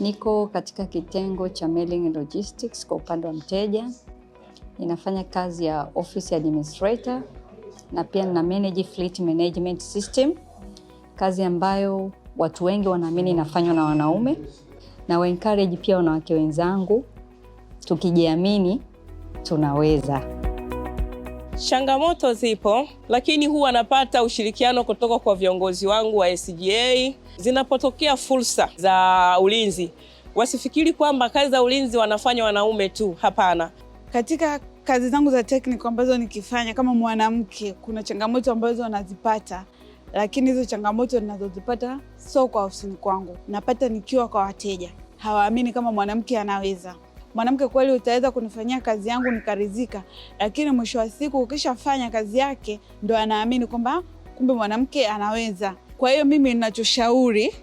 Niko katika kitengo cha mailing and logistics kwa upande wa mteja. Ninafanya kazi ya office administrator na pia na manage fleet management system, kazi ambayo watu wengi wanaamini inafanywa na wanaume, na wa encourage pia wanawake wenzangu, tukijiamini tunaweza. Changamoto zipo, lakini huwa napata ushirikiano kutoka kwa viongozi wangu wa SGA. Zinapotokea fursa za ulinzi, wasifikiri kwamba kazi za ulinzi wanafanya wanaume tu, hapana. Katika kazi zangu za tekniko ambazo nikifanya kama mwanamke, kuna changamoto ambazo wanazipata lakini hizo changamoto ninazozipata sio kwa ofisini kwangu, napata nikiwa kwa wateja. Hawaamini kama mwanamke anaweza mwanamke kweli utaweza kunifanyia kazi yangu nikaridhika, lakini mwisho wa siku ukishafanya kazi yake ndo anaamini kwamba kumbe mwanamke anaweza. Kwa hiyo mimi ninachoshauri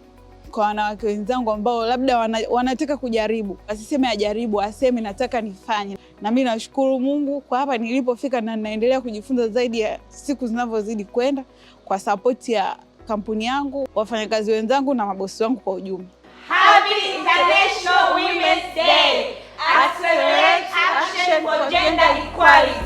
kwa wanawake wenzangu ambao labda wana, wanataka kujaribu, asiseme ajaribu, aseme nataka nifanye. Na mi nashukuru Mungu kwa hapa nilipofika, na ninaendelea kujifunza zaidi ya siku zinavyozidi kwenda, kwa sapoti ya kampuni yangu, wafanyakazi wenzangu na mabosi wangu kwa ujumla. Happy International agenda equality.